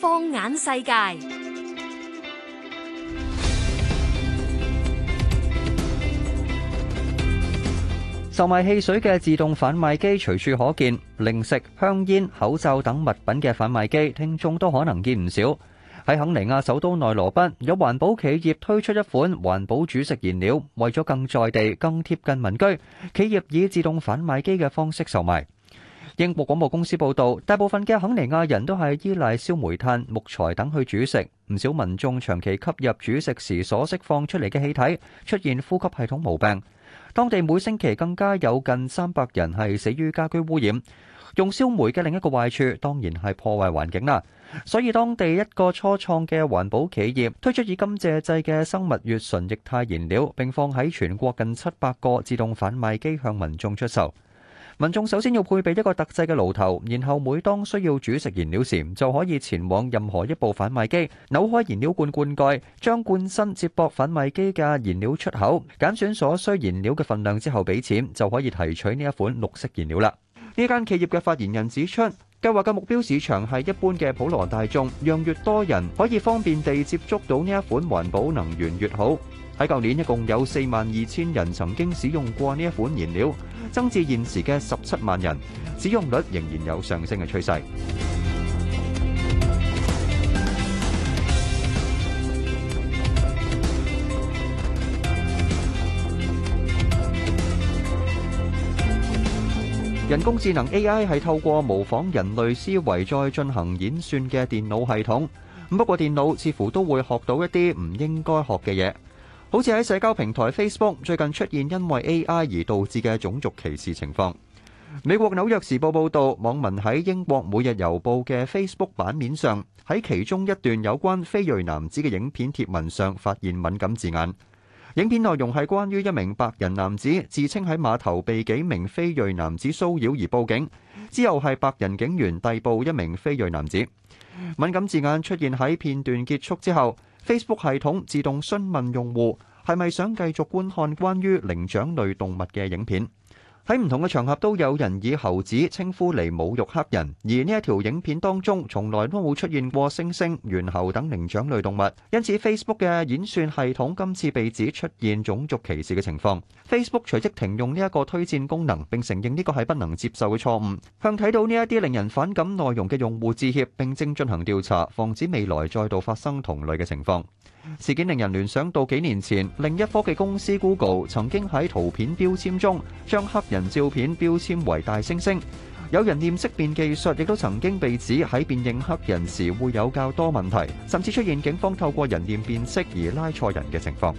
放眼世界，售賣汽水嘅自動販賣機隨處可見，零食、香煙、口罩等物品嘅販賣機聽眾都可能見唔少。喺肯尼亞首都內羅畢，有環保企業推出一款環保煮食燃料，為咗更在地、更貼近民居，企業以自動販賣機嘅方式售賣。英國廣播公司報道，大部分嘅肯尼亞人都係依賴燒煤炭、木材等去煮食，唔少民眾長期吸入煮食時所釋放出嚟嘅氣體，出現呼吸系統毛病。當地每星期更加有近三百人係死於家居污染。用燒煤嘅另一個壞處，當然係破壞環境啦。所以當地一個初創嘅環保企業推出以甘蔗製嘅生物乙醇液態燃料，並放喺全國近七百個自動販賣機向民眾出售。民眾首先要配備一個特製嘅爐頭，然後每當需要煮食燃料時，就可以前往任何一部販賣機，扭開燃料罐罐蓋，將罐身接駁販賣機嘅燃料出口，揀選所需燃料嘅份量之後畀錢，就可以提取呢一款綠色燃料啦。呢間企業嘅發言人指出，計劃嘅目標市場係一般嘅普羅大眾，讓越多人可以方便地接觸到呢一款環保能源越好。喺舊年，一共有四萬二千人曾經使用過呢一款燃料，增至現時嘅十七萬人，使用率仍然有上升嘅趨勢。人工智能 AI 係透過模仿人類思維再進行演算嘅電腦系統。咁不過，電腦似乎都會學到一啲唔應該學嘅嘢。好似喺社交平台 Facebook 最近出現因為 AI 而導致嘅種族歧視情況。美國紐約時報報導，網民喺英國每日郵報嘅 Facebook 版面上，喺其中一段有關非裔男子嘅影片貼文上發現敏感字眼。影片內容係關於一名白人男子自稱喺碼頭被幾名非裔男子騷擾而報警，之後係白人警員逮捕一名非裔男子。敏感字眼出現喺片段結束之後，Facebook 系統自動詢問用戶。係咪想繼續觀看關於靈長類動物嘅影片？喺唔同嘅場合都有人以猴子稱呼嚟侮辱黑人，而呢一條影片當中從來都冇出現過猩猩、猿猴等靈長類動物。因此 Facebook 嘅演算系統今次被指出現種族歧視嘅情況。Facebook 隨即停用呢一個推薦功能，並承認呢個係不能接受嘅錯誤，向睇到呢一啲令人反感內容嘅用戶致歉，並正進行調查，防止未來再度發生同類嘅情況。事件令人聯想到幾年前，另一科技公司 Google 曾經喺圖片標籤中將黑人照片標籤為大猩猩。有人臉識別技術亦都曾經被指喺辨認黑人時會有較多問題，甚至出現警方透過人臉辨識而拉錯人嘅情況。